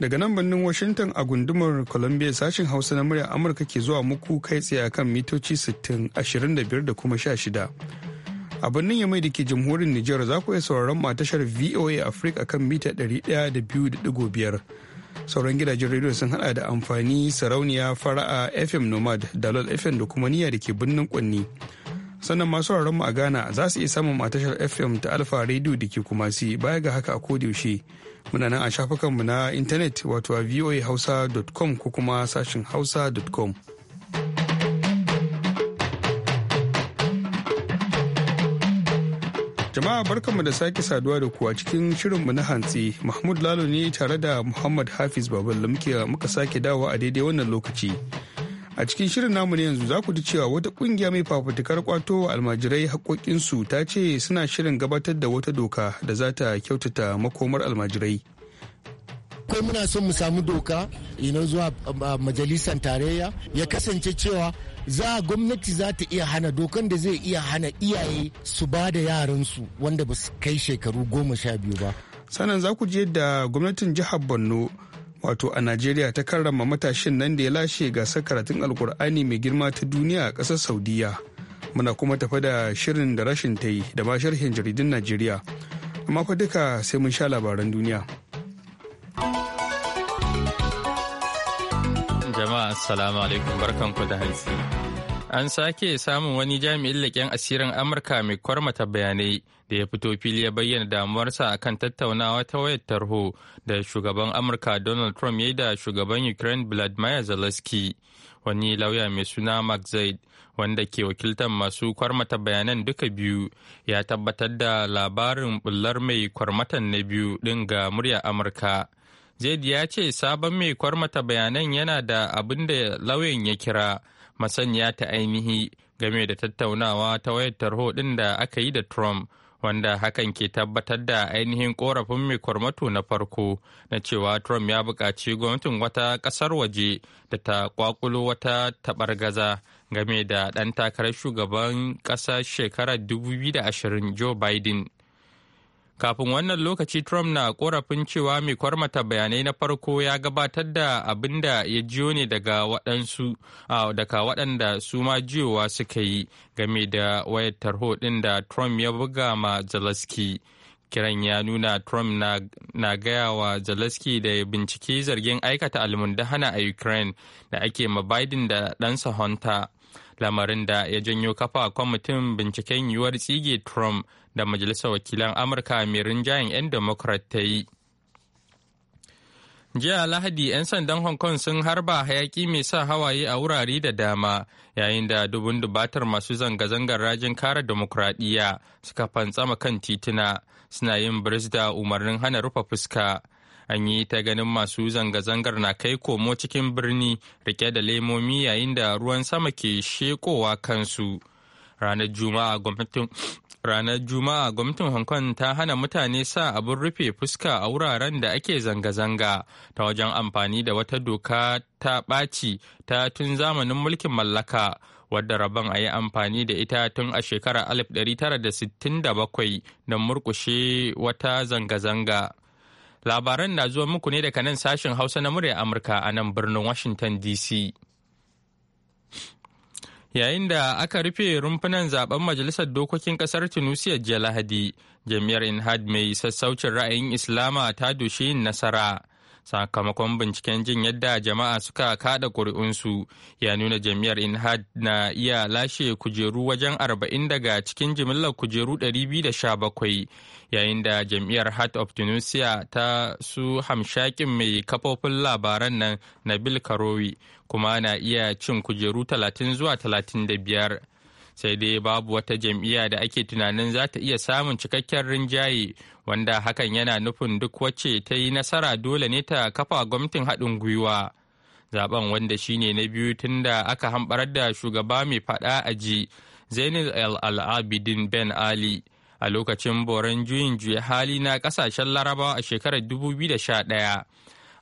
Daga nan birnin Washington a gundumar Columbia sashin Hausa na muryar Amurka ke zuwa muku kai tsaye akan mitoci 60, 25 da kuma 16. A birnin Yamai da ke jamhurin Nijar za ku iya sauraron ma tashar VOA Africa akan mita biyar Sauran gidajen rediyo sun hada da amfani sarauniya fara'a FM Nomad, Dalol FM da kuma niyya da ke birnin Kwanni. sannan masu sauraron mu a Ghana za su iya samun a tashar FM ta Alfa Radio da ke kumasi baya ga haka a kodiyaushe muna nan a shafukanmu na intanet wato a voahausa.com ko kuma sashin hausa.com jama'a barkanmu da sake saduwa da kuwa cikin shirinmu na hantsi mahmud lalo ne tare da muhammad hafiz babalu muka sake dawo a daidai wannan lokaci a cikin shirin namu ne yanzu za ku ji cewa wata kungiya mai fafutukar kwato wa almajirai haƙoƙinsu ta ce suna shirin gabatar da wata doka da za ta kyautata makomar almajirai kai muna son mu samu doka ina zuwa um, um, majalisar tarayya ya kasance cewa za gwamnati za ta iya hana dokan da zai iya hana iyaye su ba da yaransu wanda ba su kai shekaru goma sha biyu ba sannan za ku ji yadda gwamnatin jihar borno wato a najeriya ta karrama matashin nan da ya lashe gasar karatun alkur'ani mai girma ta duniya a ƙasar saudiya muna kuma tafi da shirin da rashin ta yi da ba sharhin jaridun najeriya amma fa duka sai mun sha labaran duniya jama'a assalamu alaikum barkanku da hantsi An sake samun wani jami'in leƙen asirin Amurka mai kwarmata bayanai da ya fito fili ya bayyana damuwarsa akan tattaunawa ta wayar tarho da shugaban Amurka Donald Trump ya yi da shugaban Ukraine Vladimir Zelensky. Wani lauya mai suna Mark Zaid wanda ke wakiltar masu kwarmata bayanan duka biyu ya tabbatar da labarin bullar mai kwarmatan na biyu ɗin ga murya Amurka. Zaid ya ce sabon mai kwarmata bayanan yana da abin da lauyan ya kira masanya ta ainihi game da tattaunawa ta wayar tarho ɗin da aka yi da Trump. wanda hakan ke tabbatar da ainihin korafin mai kwarmatu na farko na cewa trump ya buƙaci gwamnatin wata ƙasar waje da ta kwakulo wata taɓargaza game da ɗan takarar shugaban ƙasa shekarar 2020 joe biden Kafin wannan lokaci Trump na korafin cewa mai kwarmata bayanai na farko ya gabatar da abin da ya jiyo ne daga waɗansu daga waɗanda su ma jiyowa suka yi game da wayar tarho ɗin da Trump ya buga ma Zelensky. kiran ya nuna trump na, na gaya wa zelensky da ya binciki zargin aikata almundahana a ukraine da ake ma biden da ɗansa hunter lamarin da ya janyo kafa kwamitin binciken yiwuwar tsige trump da majalisar wakilan amurka mai rinjayen 'yan democrat ta yi jiya lahadi 'yan sandan hong kong sun harba hayaki mai sa hawaye a wurare da dama yayin da dubun dubatar masu zanga-zangar rajin kare demokuraɗiyya suka fantsama kan tituna suna yin birista umarnin hana rufe fuska an yi ta ganin masu zanga-zangar na kai komo cikin birni rike da lemomi yayin da ruwan sama ke shekowa kansu ranar juma'a gwamnatin Ranar Juma'a gwamnatin Hong Kong ta hana mutane sa abin rufe fuska a wuraren da ake zanga-zanga ta wajen amfani da wata doka ta ɓaci ta tun zamanin mulkin mallaka wadda rabon a yi amfani da ita tun a shekarar 1967 don murkushe wata zanga-zanga. Labaran na zuwa muku ne daga nan sashen Hausa na murya Amurka a nan birnin Washington DC. yayin da aka rufe rumfunan zaben majalisar dokokin kasar tunisia jiya lahadi jam'iyyar inhad mai sassaucin ra'ayin islama ta doshe yin nasara sakamakon binciken jin yadda jama'a suka kada ƙuri'unsu ya nuna jam'iyyar inhad na iya lashe kujeru wajen 40 daga cikin jimillar kujeru 217 yayin da jam'iyyar heart of tunisia ta su hamshakin mai kafofin labaran nan nabil karowi kuma na iya cin kujeru 30 zuwa 35 sai dai babu wata jam'iyya da ake tunanin za ta iya samun cikakken rinjaye wanda hakan yana nufin duk wacce ta yi nasara dole ne ta kafa gwamnatin haɗin gwiwa zaben wanda shine na biyu tun da aka hambarar da shugaba mai faɗa a ji zainul al alabidin ben ali a lokacin boran juyin juya hali na ƙasashen larabawa a shekarar 2011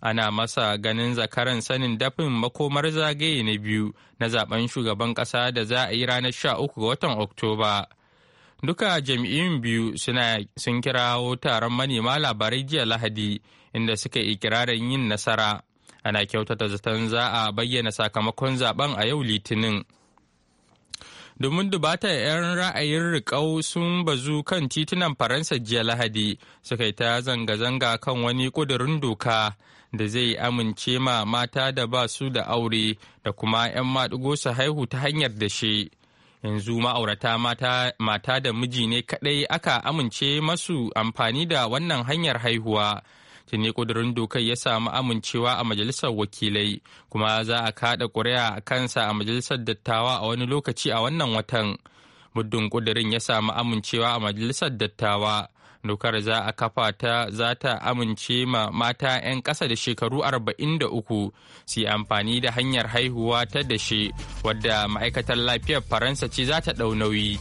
ana masa ganin zakaran sanin dafin makomar zagaye na biyu na zaben shugaban ƙasa da za a yi ranar 13 ga watan Oktoba. Duka jam'iyyun biyu sun kirawo taron manema labarai jiya Lahadi inda suka ikirarin yin nasara. Ana kyautata zaton za a bayyana sakamakon zaben a yau Litinin. domin dubata 'yan ra'ayin rikau sun bazu kan titunan faransa jiya lahadi suka yi ta zanga-zanga kan wani ƙudurin doka da zai amince ma mata da ba su da aure da kuma 'yan maɗigo su haihu ta hanyar dashe. Yanzu ma'aurata mata da miji ne kaɗai aka amince masu amfani da wannan hanyar haihuwa. tuni ƙudurin dokar ya samu amincewa a majalisar wakilai kuma za a kaɗa ƙuri'a a kansa a majalisar dattawa a wani lokaci a wannan watan muddin ƙudurin ya samu amincewa a majalisar dattawa Dokar za a kafa ta za ta amince ma mata 'yan ƙasa da shekaru 43 su yi amfani da hanyar haihuwa ta dashe wadda ma'aikatar lafiyar Faransa ce za ta ɗau nauyi.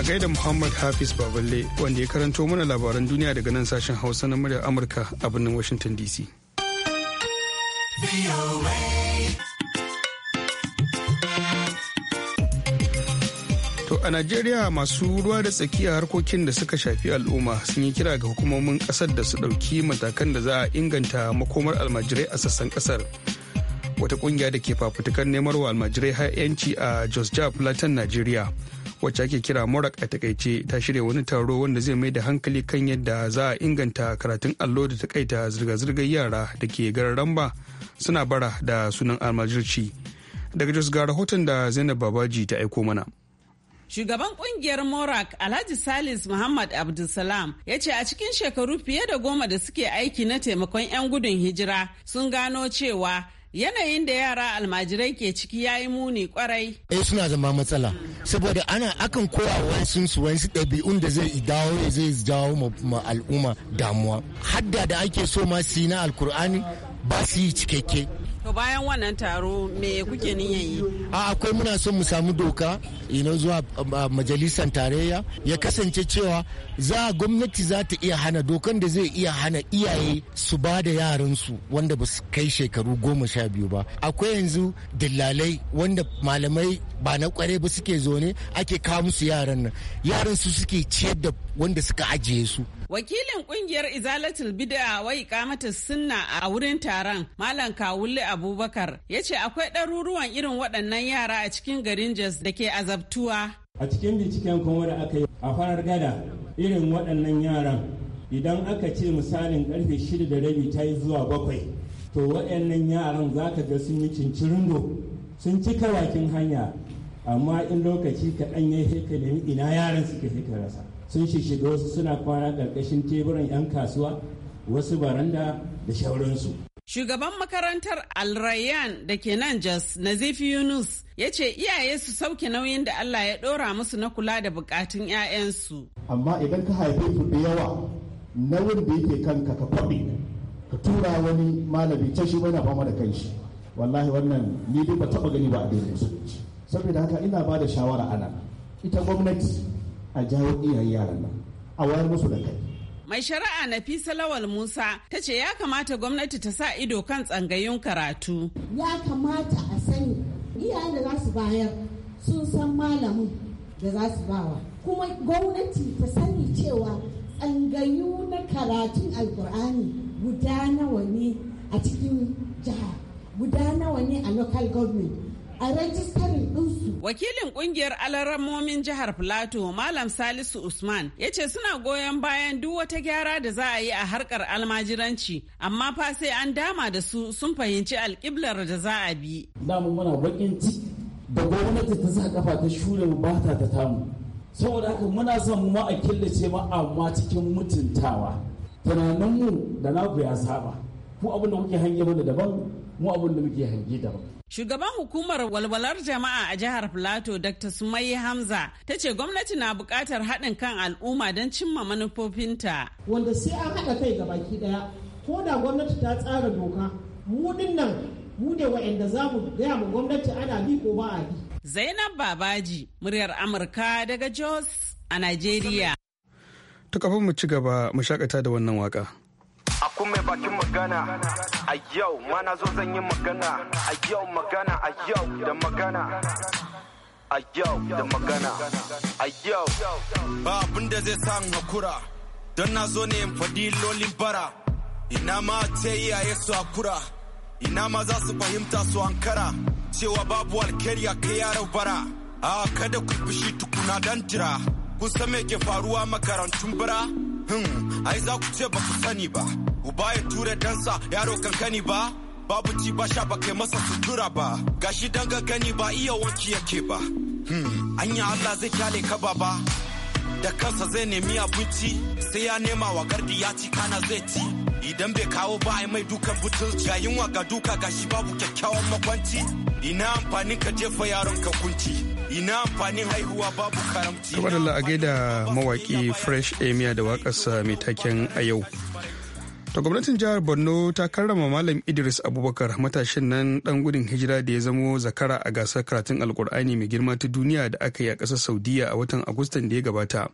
A gaida Muhammad Hafiz Baballe wanda ya karanto mana labaran duniya daga nan sashen Hausa na muryar Amurka a birnin Washington DC. To a Najeriya masu ruwa da tsakiya harkokin da suka shafi al'umma sun yi kira ga hukumomin kasar da su ɗauki matakan da za a inganta makomar almajirai a sassan kasar. Wata kungiya da ke fafutukar nemar wa almajirai har yanci a Jos Jab Latin Najeriya wacce ake kira Morak a takaice ta shirya wani taro wanda zai mai da hankali kan yadda za a inganta karatun allo da takaita zirga-zirgar yara da ke garin Ramba suna bara da sunan almajirci. Daga Jos ga rahoton da Zainab Babaji ta aiko mana. Shugaban kungiyar Morak Alhaji Salis Muhammad Abdulsalam ya ce a cikin shekaru fiye da goma da suke aiki na taimakon 'yan gudun hijira sun gano cewa yanayin da yara almajirai ke ciki ya yi muni kwarai. eh suna zama matsala saboda ana akan kowa wasu su wasu ɗabi'un da zai dawo ya zai jawo ma al'umma damuwa hadda da ake so ma su na alkur'ani ba su yi cikakke To bayan wannan taro me kuke niyan yi? A akwai muna son mu samu doka ina zuwa um, majalisar tarayya ya kasance cewa za gwamnati za ta iya hana dokan da zai iya hana iyaye su ba da yaransu wanda ba su kai shekaru goma sha biyu ba. Akwai yanzu dillalai wanda malamai ba na kware ba suke zo ne ake kawo musu yaran nan. Yaran su suke ciyar da wanda suka ajiye su. Wakilin kungiyar Izalatul Bid'a wai kamata sunna a wurin taron Malam Kawulle Abubakar ya ce akwai ɗaruruwan irin waɗannan yara a cikin garin Jos da ke azabtuwa. A cikin binciken kuma da aka yi a farar gada irin waɗannan yaran idan aka ce misalin karfe shida da rabi ta yi zuwa bakwai to waɗannan yaran za ka ga sun yi cincirindo sun cika bakin hanya amma in lokaci kaɗan ya heka da ina yaran suke heka rasa sun shishiga wasu suna kwana ƙarƙashin teburan 'yan kasuwa wasu baranda da shauransu Shugaban makarantar Alrayan da ke nan Jos Nazifi Yunus ya ce iyaye su sauke nauyin da Allah ya ɗora musu na kula da bukatun 'ya'yansu. Amma idan ka haife su da yawa nauyin da yake kanka ka kwaɓe ka tura wani malami can shi bana fama da kanshi wallahi wannan ni ba taɓa gani ba a daidai Saboda haka ina ba da shawara a nan ita gwamnati a jawo iyayen yaran nan a wayar musu da kai. mai shari'a Nafisa Lawal Musa ta ce ya kamata gwamnati ta sa ido kan tsangayin karatu. Ya kamata a sani iyayen da za su bayar sun san malamin da za su bawa. Kuma gwamnati ta sani cewa tsangayu na karatun alkur'ani guda nawa ne a cikin jiha guda nawa ne a local government a rajistar ɗinsu. Wakilin ƙungiyar alaramomin jihar plateau Malam Salisu Usman ya ce suna goyon bayan duk wata gyara da za a yi a harkar almajiranci amma fa sai an dama da su sun fahimci alƙiblar da za a bi. Damu muna bakin ci da gwamnati ta sa kafa ta shure mu ba ta tamu. Saboda haka muna son mu a killace ma amma cikin mutuntawa. Tunaninmu da naku ya saba. ku abin da kuke hange mana daban mu abin da muke hange daban Shugaban hukumar walwalar jama'a a jihar Filato Dr. Sumayi Hamza ta ce gwamnati na buƙatar haɗin kan al'umma don cimma manufofinta. Wanda sai an haɗa kai ga baki ɗaya, ko da gwamnati ta tsara doka, mu nan mu ne wa'anda za mu gaya mu gwamnati ana bi ko ba a bi. Zainab Babaji, muryar Amurka daga Jos a Najeriya. Ta kafin mu ci gaba mu shakata da wannan waka. Aku mai bakin magana a yau mana zo zan yi magana a yau magana a yau da magana. A yau da magana a yau. Ba abin da zai sa hakura don na zo ne in faɗi lolin bara. Ina ma ce iyaye su hakura, ina ma za su fahimta su ankara cewa babu alkhairi a kai yaran bara. A kada ku fushi tukuna don tira, kun san me ke faruwa makarantun bara? hmm ai za ku ce ba ku sani ba uba ya tura dansa yaro kankani ba babu ci ba sha ba kai masa sutura ba gashi dan gani ba iya wanki yake ba hmm anya Allah zai kyale ka ba da kansa zai nemi abinci sai ya nema wa gardi ya ci kana zai ci idan bai kawo ba ai mai dukan butulci ga yunwa ga duka gashi babu kyakkyawan makwanci ina amfanin ka jefa yaron ka kunci ina amfanin haihuwa babu karamci kamar Allah a gaida mawaki fresh da wakarsa mai taken a yau ta gwamnatin jihar borno ta karrama malam idris abubakar matashin nan dan gudun hijira da ya zamo zakara a gasar karatun alkur'ani mai girma ta duniya da aka yi a kasar saudiya a watan agustan da ya gabata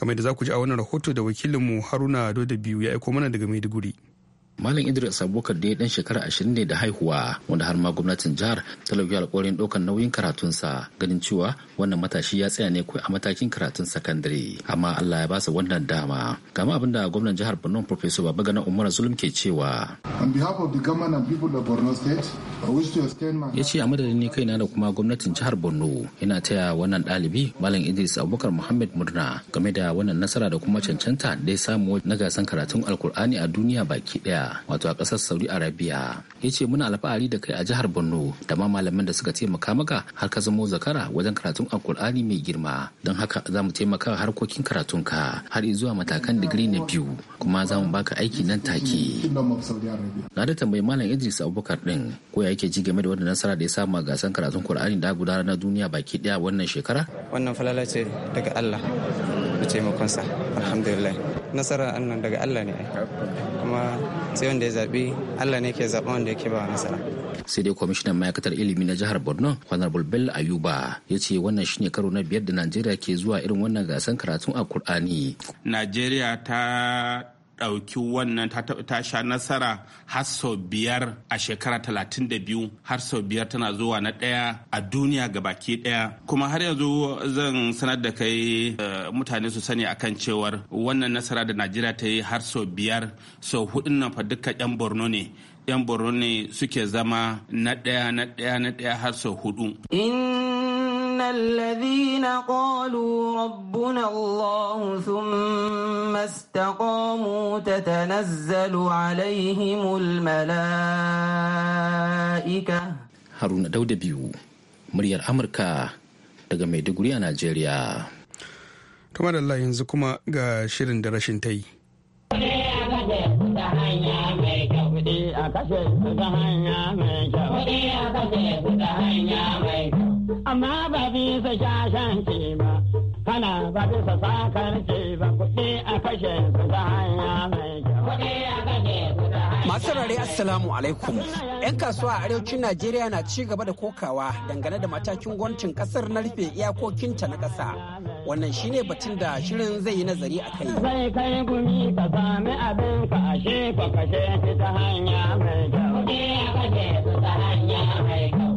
kamar da za ku ji a wannan rahoto da wakilinmu haruna doda biyu ya aiko mana daga maiduguri Malam Idris Abubakar da ya dan shekara ashirin ne da haihuwa wanda har ma gwamnatin jihar ta lauki alƙawarin ɗaukar nauyin karatunsa ganin cewa wannan matashi ya tsaya ne kawai a matakin karatun sakandare amma Allah ya basa wannan dama. Gama abinda gwamnan jihar Borno Professor Babagana Umar Zulum ke cewa. On behalf of the government and people of Borno State, I wish to extend my Ya ce a madadin ne kaina da kuma gwamnatin jihar Borno yana taya wannan ɗalibi Malam Idris Abubakar Muhammad murna game da wannan nasara da kuma cancanta da ya samu na gasan karatun Alkur'ani a duniya baki ɗaya. wato a ƙasar Saudi Arabia. Ya ce muna alfahari da kai a jihar Borno da ma malaman da suka taimaka maka har ka zamo zakara wajen karatun Alkur'ani mai girma. Don haka za mu taimaka harkokin karatunka har zuwa matakan digiri na biyu kuma za mu baka aiki nan take. Na da tambayi Malam Idris Abubakar din ko ya yake ji game da wannan nasara da ya samu a gasan karatun alkur'ani da gudanar na duniya baki daya wannan shekara? Wannan falala ce daga Allah da taimakonsa alhamdulillah. Nasara annan daga Allah ne kuma sai wanda ya zaɓi allah ne ke zaɓa wanda yake ba nasara sai dai kwamishinan ma'aikatar ilimi na jihar borno honorable bello ayuba ya ce wannan shine karo na biyar da najeriya ke zuwa irin wannan gasar karatun kur'ani. najeriya ta ɗauki wannan ta sha nasara har sau biyar a shekara talatin da biyu har sau biyar tana zuwa na ɗaya a duniya ga baki ɗaya kuma har yanzu zan sanar da kai eh, mutane su sani akan cewar wannan nasara da najeriya ta yi har sau biyar sau hudun nan fa duka 'yan borno ne 'yan borno ne suke zama na ɗaya na ɗaya na ɗaya har sau hudu. الذين قالوا ربنا الله ثم استقاموا تتنزل عليهم الملائكة هارون داود بيو مريار أمريكا daga Maiduguri a Najeriya. Tuma da Allah yanzu kuma ga shirin da rashin ta yi. a amma ba bisa shashan ke ba, kana ba bisa sakar ke ba kuɗi a kashe su ta hanya mai kyau. Masu rare Assalamu alaikum. 'Yan kasuwa a arewacin Najeriya na ci gaba da kokawa dangane da matakin gwamnatin kasar na rufe iyakokinta na ƙasa. wannan shine batun da shirin zai yi nazari a kai. Zai kai gumi ka sami abin ka ta hanya ta hanya mai kyau.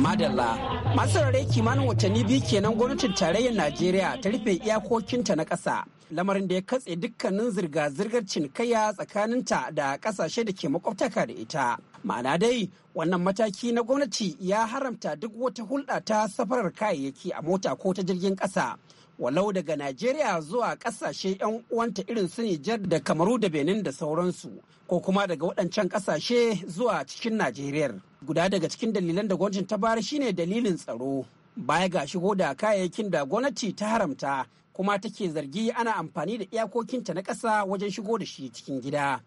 Madalla, masu kimanin watanni biyu kenan gwamnatin tarayyar Najeriya ta rufe iyakokinta na ƙasa. Lamarin da ya katse dukkanin zirga-zirgar cinikayya tsakaninta da ƙasashe da ke makwabtaka da ita. Ma'ana dai, wannan mataki na gwamnati ya haramta duk wata hulɗa ta safarar kayayyaki a mota ko ta jirgin ƙasa. walau daga Najeriya zuwa kasashe 'yan uwanta irin su Nijar da Kamaru da Benin da sauransu ko kuma daga waɗancan kasashe zuwa cikin Najeriya. Guda daga cikin dalilan da gwamnatin ta bayar shine dalilin tsaro. Baya ga shigo da kayayyakin da gwamnati ta haramta kuma take zargi ana amfani da iyakokinta na ƙasa wajen shigo da shi cikin gida.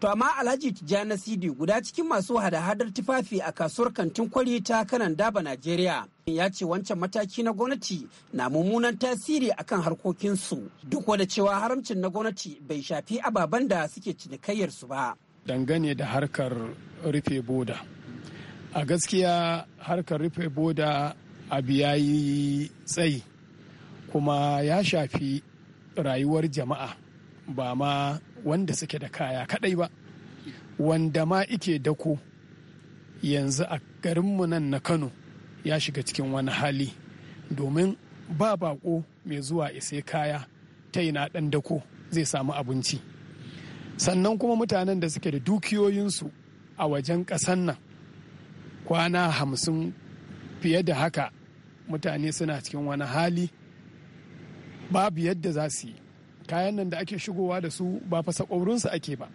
To amma Alhaji Tijjani Sidi guda cikin masu hada-hadar tufafi a kasuwar kantin kwari ta kanan daba Najeriya. Ya ce wancan mataki na gwamnati na mummunan tasiri akan harkokinsu duk wada cewa haramcin na gwamnati bai shafi ababen da suke cinikayyarsu ba. Dangane da harkar rufe boda. A gaskiya harkar rufe boda a biyayi tsayi kuma ya shafi rayuwar jama'a ba ma wanda suke da kaya kadai ba wanda ma ike dako yanzu a garinmu nan na kano ya shiga cikin wani hali domin ba bako mai zuwa isai kaya ta na ɗan dako zai samu abinci sannan kuma mutanen da suke da dukiyoyinsu a wajen ƙasan nan kwana hamsin fiye da haka mutane suna cikin wani hali babu yadda za su yi kayan nan da ake shigowa da su ba fa sakwaurinsu ake ba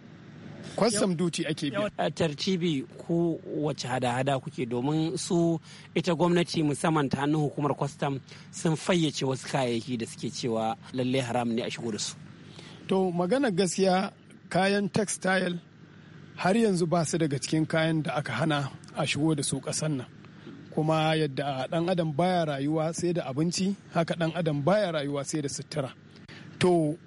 kwastam duty ake biya. A tartibi ku wace hada-hada kuke domin su ita gwamnati musamman ta hannun hukumar kwastam sun fayyace wasu kayayyaki da suke cewa lalle haram ne a shigo da su. To magana gaskiya kayan textile har yanzu ba su daga cikin kayan da aka hana a shigo da su kasan nan. Kuma yadda ɗan adam baya rayuwa sai da abinci, haka ɗan adam baya rayuwa sai da sutura. to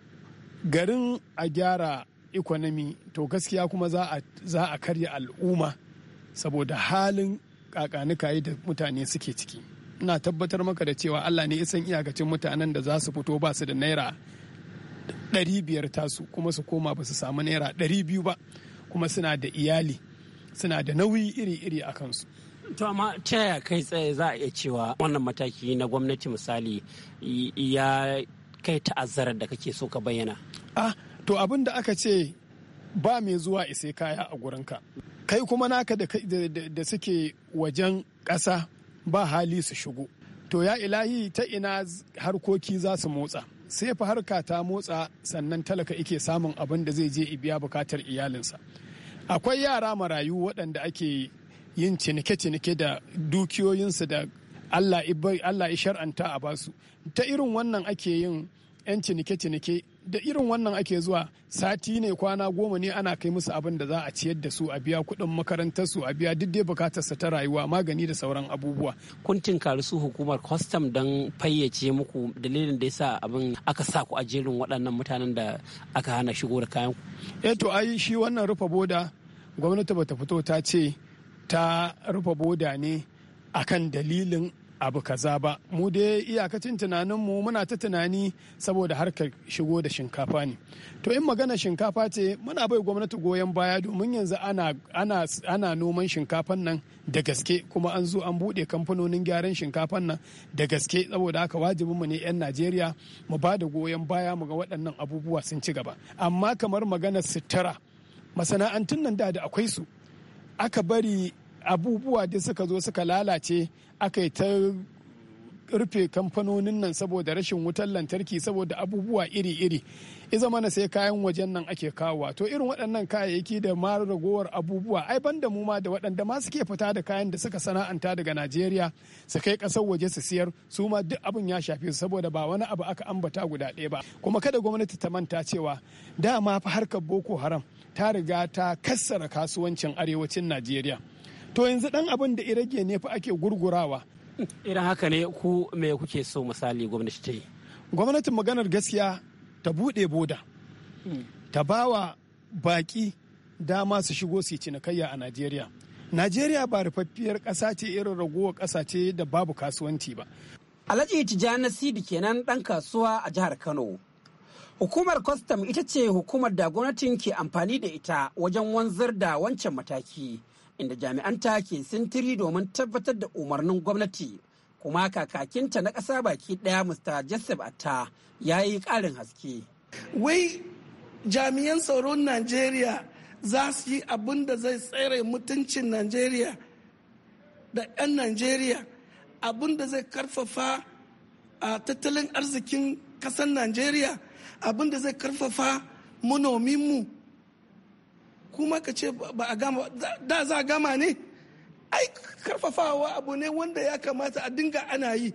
garin a gyara ikonomi to gaskiya kuma za a karya al'umma saboda halin yi da mutane suke ciki ina tabbatar maka da cewa allah ne isan iyakacin mutanen da za su fito ba su da naira ɗari biyar tasu kuma su koma ba su samu naira ɗari biyu ba kuma suna da iyali suna da nauyi iri-iri a kansu to amma ta yaya kai tsaye za a iya cewa wannan mataki na gwamnati misali ya kai ta'azzarar da kake so ka bayyana ah to abin da aka ce ba mai zuwa isai kaya a gurinka kai kuma naka da suke wajen ƙasa ba hali su shigo to ya ilahi ta ina harkoki za su motsa sai fa harka ta motsa sannan talaka ike samun abin da zai je biya bukatar iyalinsa akwai yara marayu waɗanda ake yin cinike-cinike da dukiyoyinsu da Allah Allah ya shar'anta a basu ta irin wannan ake yin 'yan cinike-cinike da irin wannan ake zuwa sati ne kwana goma ne ana kai musu abin da za a ciyar da su a biya kuɗin makarantar su a biya duk dai bukatar ta rayuwa magani da sauran abubuwa kun tinkari su hukumar kwastam don fayyace muku dalilin da yasa abin aka sa ku a jerin waɗannan mutanen da aka hana shigo da kayan eh to ai shi wannan rufe boda gwamnati bata fito ta ce ta rufe boda ne akan dalilin abu kaza ba mu dai iyakacin tunaninmu muna ta tunani saboda harkar shigo da shinkafa ne to in magana shinkafa ce muna bai gwamnati goyon baya domin yanzu ana, noman shinkafan nan da gaske kuma an zo an buɗe kamfanonin gyaran shinkafan nan da gaske saboda haka wajibin mu ne 'yan najeriya mu ba da goyon baya mu ga waɗannan abubuwa sun ci gaba amma kamar maganar sutura masana'antun nan da da akwai su aka bari abubuwa da suka zo suka lalace aka yi ta rufe kamfanonin nan saboda rashin wutar lantarki saboda abubuwa iri-iri ya zama na sai kayan wajen nan ake kawowa to irin waɗannan kayayyaki da ma ragowar abubuwa ai ban da mu ma da waɗanda ma suke fita da kayan da suka sana'anta daga najeriya su kai ƙasar waje su siyar su ma duk abin ya shafe su saboda ba wani abu aka ambata guda ɗaya ba kuma kada gwamnati ta manta cewa dama fa harkar boko haram ta riga ta kassara kasuwancin arewacin najeriya to yanzu dan abin da irage ne fa ake gurgurawa irin haka ne ku me kuke so misali gwamnati ta yi gwamnatin maganar gaskiya ta buɗe boda hmm. ta bawa baƙi dama su shigo su cinikayya a najeriya najeriya ba rufaffiyar ƙasa ce irin ragowar kasa ce da babu kasuwanci ba alhaji tijjani sidi kenan ɗan kasuwa a jihar kano hukumar Custom ita ce hukumar da gwamnatin ke amfani da ita wajen wanzar da wancan mataki inda jami'an ta ke sintiri domin tabbatar da umarnin gwamnati kuma kakakinta na ƙasa baki ɗaya mr joseph atta ya yi ƙarin haske wai jami'an tsaron najeriya za su yi abin da zai tsere mutuncin najeriya da 'yan najeriya abin da zai karfafa a tattalin arzikin ƙasar najeriya abin da zai karfafa mu. kuma ka ce ba a gama da za a gama ne ai karfafawa abu ne wanda ya kamata a dinga ana yi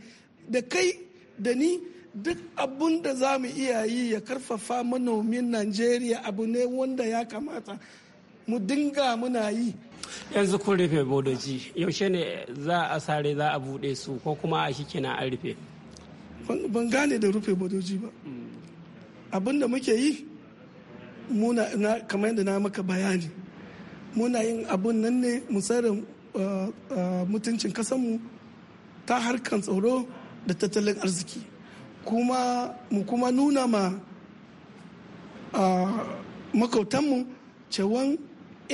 da kai da ni duk abun da za mu iya yi ya karfafa manomin najeriya abu ne wanda ya kamata mu dinga muna yi yanzu kun rufe bodoji yaushe ne za a sare za a bude su ko kuma a shi kina an rufe ban gane da rufe bodoji ba mm. abin da muke yi muna na kamar yadda na maka bayani muna yin abun nan ne mu tsare uh, uh, mutuncin kasanmu ta harkan tsaro da tattalin arziki kuma mu kuma nuna ma uh, makautanmu cewan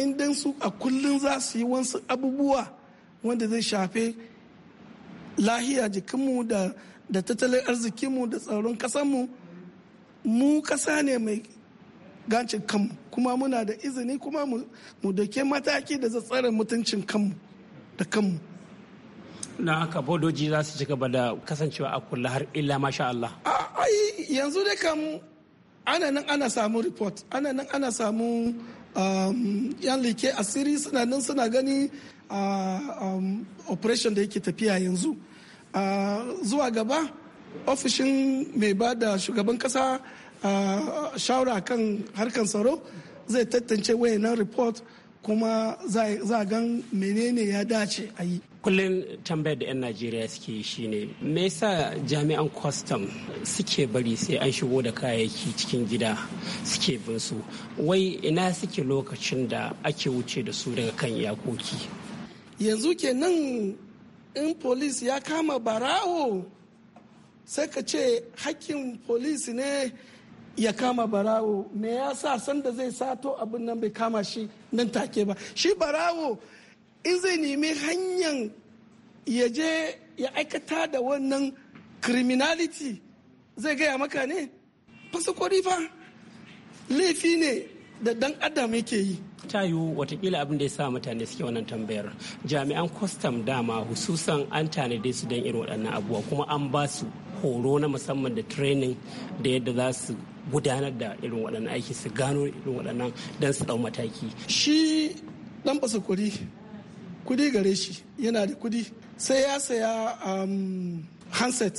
inda su a kullum za su yi wasu abubuwa wanda zai shafe lahiya jikinmu da tattalin arzikinmu da tsaron kasanmu mu kasa ne mai gancin kanmu kuma muna da izini kuma mu dake mataki da tsare mutuncin kanmu da kanmu na haka bodoji za su ci gaba da kasancewa a kula har illa masha Allah ai yanzu dai kam ana nan ana samu report ana nan ana samu um, yan like asiri suna nan suna gani um, operation da yake tafiya yanzu zuwa gaba ofishin mai ba da shugaban kasa shawara kan harkar tsaro zai tantance wayannan report kuma za a gan menene ya dace a yi kullum tambayar da 'yan najeriya suke shine me yasa jami'an kwastam suke bari sai an shigo da kayayyaki cikin gida suke bin su wai ina suke lokacin da ake wuce da su daga kan iyakoki yanzu kenan in polis ya kama barawo sai ka ce hakkin polis ne ya kama barawo me yasa sanda zai sato abin nan bai kama shi nan take ba shi barawo in zai nemi hanyar ya je ya aikata da wannan criminality zai gaya maka ne fasakwari fa laifi ne da dan adam yake yi ta yiwu watakila abin da ya sa mutane suke wannan tambayar jami'an kwastam dama hususan an tanade su don irin waɗannan abubuwa kuma an ba su horo na musamman da training da yadda za su gudanar da irin waɗannan aiki su gano irin waɗannan don su ɗau mataki. Shi ɗan fasa kuri, kudi gare shi yana da kudi sai ya saya um, handset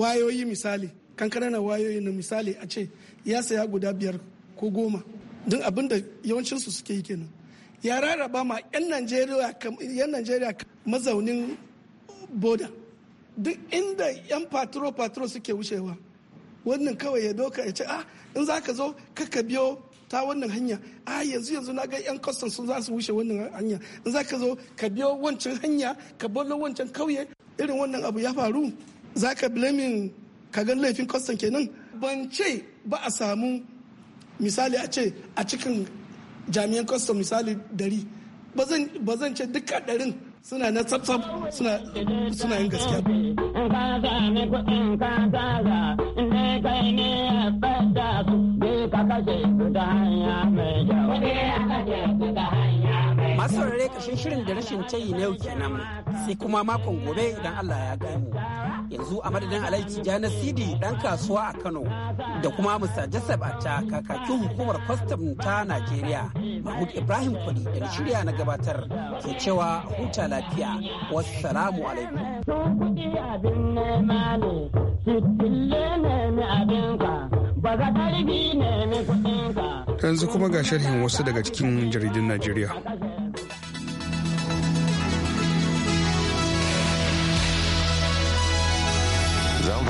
wayoyi misali kankanar na wayoyi na misali a ce ya saya guda biyar ko goma don abin da yawancinsu suke yi kenan. Ya rarraba ma 'yan Najeriya mazaunin boda. duk inda yan patro patro suke wucewa wannan kawai ya doka ya ce ah in za ka zo kaka biyo ta wannan hanya a ah, yanzu yanzu na ga yan kwastan sun za su wuce wannan hanya in za ka zo ka biyo wancan hanya ka bollo wancan kauye irin wannan abu ya faru za ka blamin ka gan laifin kwastan kenan ban ce ba a samu misali a ce a cikin jami'an kwastan misali dari ba zan ce duka ɗarin suna na tsabtsab suna yin gaskiya. ka mai kyau. masu rarrai kashin shirin da rashin tayi na yau kenan sai kuma makon gobe idan Allah ya ga mu yanzu a madadin alhaji jana sidi dan kasuwa a kano da kuma musa a ta kakakin hukumar kwastam ta najeriya mahmud ibrahim kwali da na shirya na gabatar ke cewa huta lafiya wassalamu alaikum yanzu kuma ga sharhin wasu daga cikin jaridun najeriya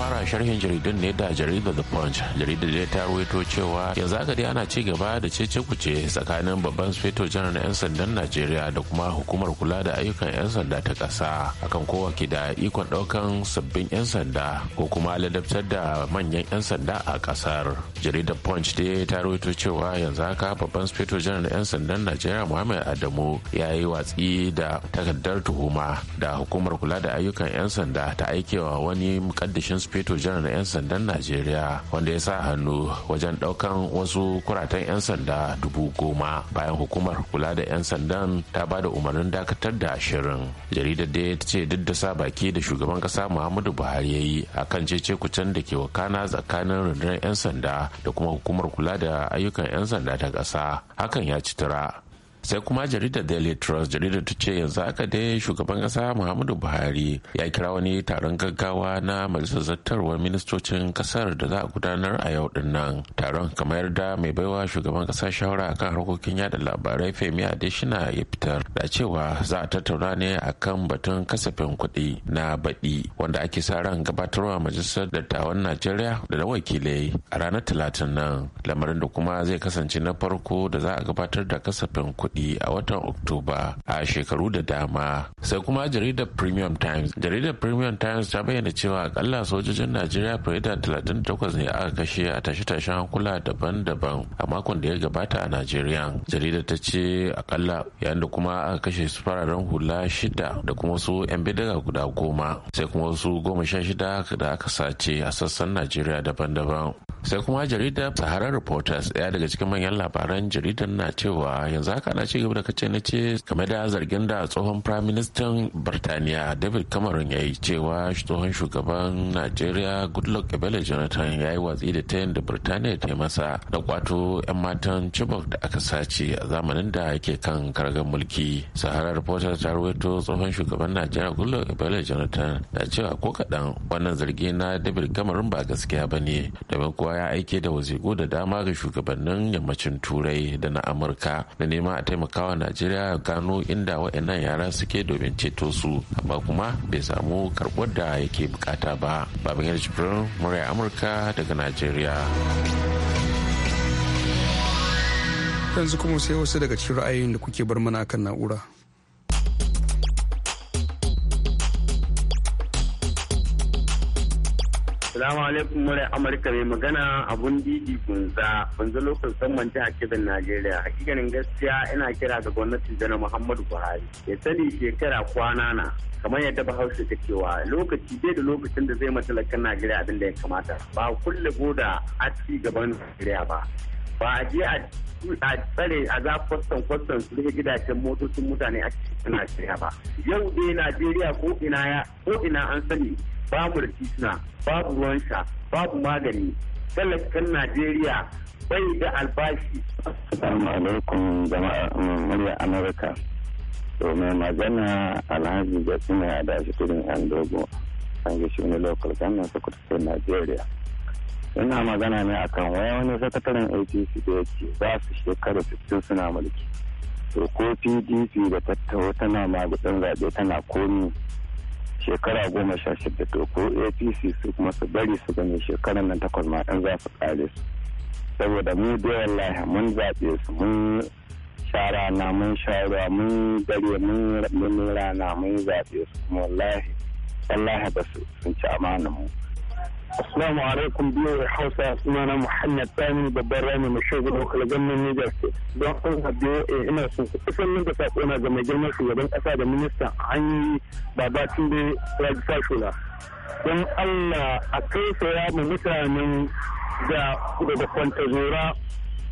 fara sharhin jaridun ne da jaridar the punch jaridar da ta ruwaito cewa yanzu haka dai ana ci gaba da cece kuce tsakanin babban sufeto janar 'yan sandan najeriya da kuma hukumar kula da ayyukan 'yan sanda ta ƙasa akan kowa ke da ikon ɗaukan sabbin 'yan sanda ko kuma ladabtar da manyan 'yan sanda a ƙasar jaridar punch dai ta ruwaito cewa yanzu haka babban sufeto janar 'yan sandan najeriya muhammad adamu ya yi watsi da takardar tuhuma da hukumar kula da ayyukan 'yan sanda ta aikewa wani mukaddashin sufeto feto janar na 'yan sandan najeriya wanda ya sa hannu wajen daukan wasu kuratan 'yan sanda dubu goma bayan hukumar kula da 'yan sandan ta ba da umarnin dakatar da ashirin jaridar da ta ce duk da sa baki da shugaban kasa muhammadu buhari ya yi a cece kucen da ke wakana tsakanin rundunar 'yan sanda da kuma hukumar kula da ayyukan 'yan sanda ta ƙasa hakan ya ci tura sai kuma jaridar daily trust jaridar ta ce yanzu haka dai shugaban kasa muhammadu buhari ya kira wani taron gaggawa na majalisar zartarwar ministocin kasar da za a gudanar a yau din nan taron kamar da mai baiwa shugaban kasa shawara akan harkokin yada labarai femi adeshina ya fitar da cewa za a tattauna ne akan batun kasafin kuɗi na baɗi wanda ake sa ran gabatarwa majalisar dattawan najeriya da na wakilai a ranar talatin nan lamarin da kuma zai kasance na farko da za a gabatar da kasafin kuɗi kuɗi a watan oktoba a shekaru da dama sai kuma jaridar premium times jaridar premium times ta bayyana cewa akalla sojojin najeriya fiye da 38 ne aka kashe a tashe-tashen hankula daban-daban a makon da ya gabata a najeriya jaridar ta ce akalla yayin da kuma aka kashe su fararen hula shida da kuma su 'yan bidiga guda goma sai kuma su goma sha shida da aka sace a sassan najeriya daban-daban sai kuma jaridar sahara reporters daya daga cikin manyan labaran jaridar na cewa yanzu haka ana ci gaba da kace na ce game da zargin da tsohon firaministan minister birtaniya david cameron ya yi cewa tsohon shugaban najeriya goodluck ebele jonathan ya yi watsi da ta da birtaniya ta yi masa da kwato 'yan matan chibok da aka sace a zamanin da ake kan kargan mulki sahara reporter ta rawaito tsohon shugaban najeriya goodluck ebele jonathan na cewa ko kaɗan wannan zargi na david cameron ba gaskiya ba ne domin kowa ya aike da wasiƙu da dama ga shugabannin yammacin turai da na amurka da nema a taimakawa najeriya gano inda waɗannan yara suke domin ceto su amma kuma bai samu karɓar da yake bukata ba babin yarji murya amurka daga najeriya yanzu kuma sai wasu daga cikin ra'ayoyin da kuke bar mana kan na'ura Assalamu alaikum murai Amurka mai magana abun didi kunza kunza lokacin samman jihar Kebbi Najeriya. Hakikanin gaskiya ina kira ga gwamnatin Jana Muhammadu Buhari. Ya sani shekara kwana na kamar yadda Bahaushe ta cewa lokaci bai da lokacin da zai matalakan Najeriya abin da ya kamata. Ba kulle goda a ci gaban Najeriya ba. Ba a je a tsare a za kwastan kwastan su rufe gidajen motocin mutane a cikin Najeriya ba. Yau dai Najeriya ko ina an sani babu da titina babu ruwan sha babu magani talakan najeriya bai da albashi assalamu alaikum jama'a mm, murya amurka to mai magana alhaji da suna da shi kudin yan dogo an gishi wani local government secretary najeriya ina magana ne akan waya wani sakataren apc da yake za su shekara 60 suna mulki to ko pdp da tattawa tana magudan zaɓe tana komi shekara goma sha shida to ko apc su kuma su bari su gani shekarar nan takwas ma ɗan za su kare su saboda mu da laha mun zaɓe su mun shara na mun shara mun dare mun rana mun zaɓe su kuma wallahi wallahi ba su sun ci amanin mu السلام عليكم بيو حوسا اسمانا محمد ثاني ببراني مشوق لو كل جنة نجاسة بقول بيو هنا اسم من بس أنا جمع جمع في بن أفاد من السا عني باباتي بي راج فاشولا دون الله أكيد يا مسلم من جا بدك أنت زورا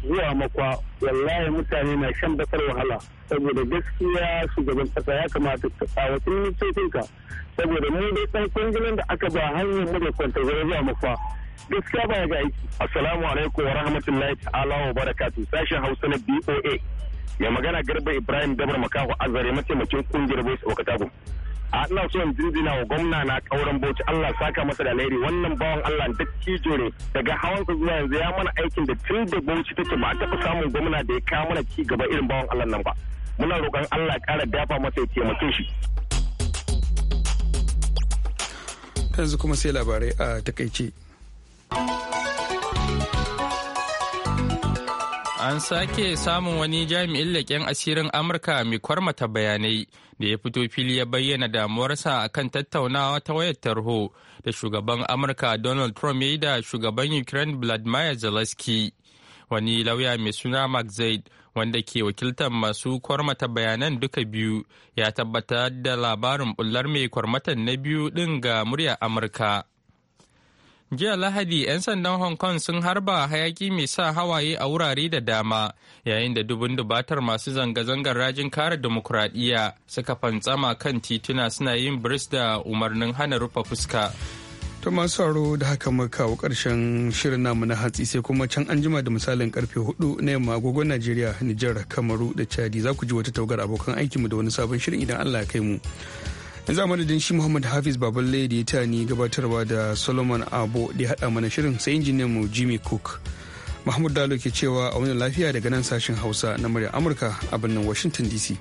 zuwa makwa wallahi mutane na shan bakar wahala saboda gaskiya shugaban kasa ya kamata ka tsawatin mutocinka saboda mu dai san kwangilan da aka ba hanyar mu da kwanta zuwa makwa gaskiya ba ga aiki assalamu alaikum wa rahmatullahi ta'ala wa barakatu sashen hausa na boa mai magana garba ibrahim dabar makaho azare mataimakin kungiyar voice of a ina so in jinjina wa gwamna na kauran bauchi Allah saka masa da alheri wannan bawan Allah duk kijo ne daga hawan zuwa yanzu ya mana aikin da tun da bauchi take ba a taɓa samun gwamna da ya kawo mana ci gaba irin bawan Allah nan ba muna roƙon Allah ƙara dafa masa ya taimake shi yanzu kuma sai labarai a takaice. an sake samun wani jami'in leƙen asirin amurka mai kwarmata bayanai da ya fito fili ya bayyana damuwarsa a kan tattaunawa ta wayar tarho da shugaban amurka donald trump ya yi da shugaban ukraine vladimir zelensky wani lauya mai suna mark zaid wanda ke wakiltar masu kwarmata bayanan duka biyu ya tabbatar da labarin bullar mai kwarmatan na biyu din ga murya amurka jiya lahadi 'yan sandan hong kong sun harba hayaki mai sa hawaye a wurare da dama yayin da dubin dubatar masu zanga-zangar rajin kare demokuraɗiyya suka fantsama kan tituna suna yin biris da umarnin hana rufe fuska ta masu sauro da haka muka kawo karshen shirin namu na hatsi sai kuma can an jima da misalin karfe hudu na yamma agogon najeriya nijar kamaru da chadi za ku ji wata taugar abokan aikinmu da wani sabon shirin idan allah ya kai mu yanzu a madadin shi muhammad hafiz baballe da ya tani gabatarwa da solomon abo da ya haɗa mana shirin sai injiniyan mu jimmy cook mahmud dalo ke cewa a wani lafiya daga nan sashen hausa na murya amurka a birnin washington dc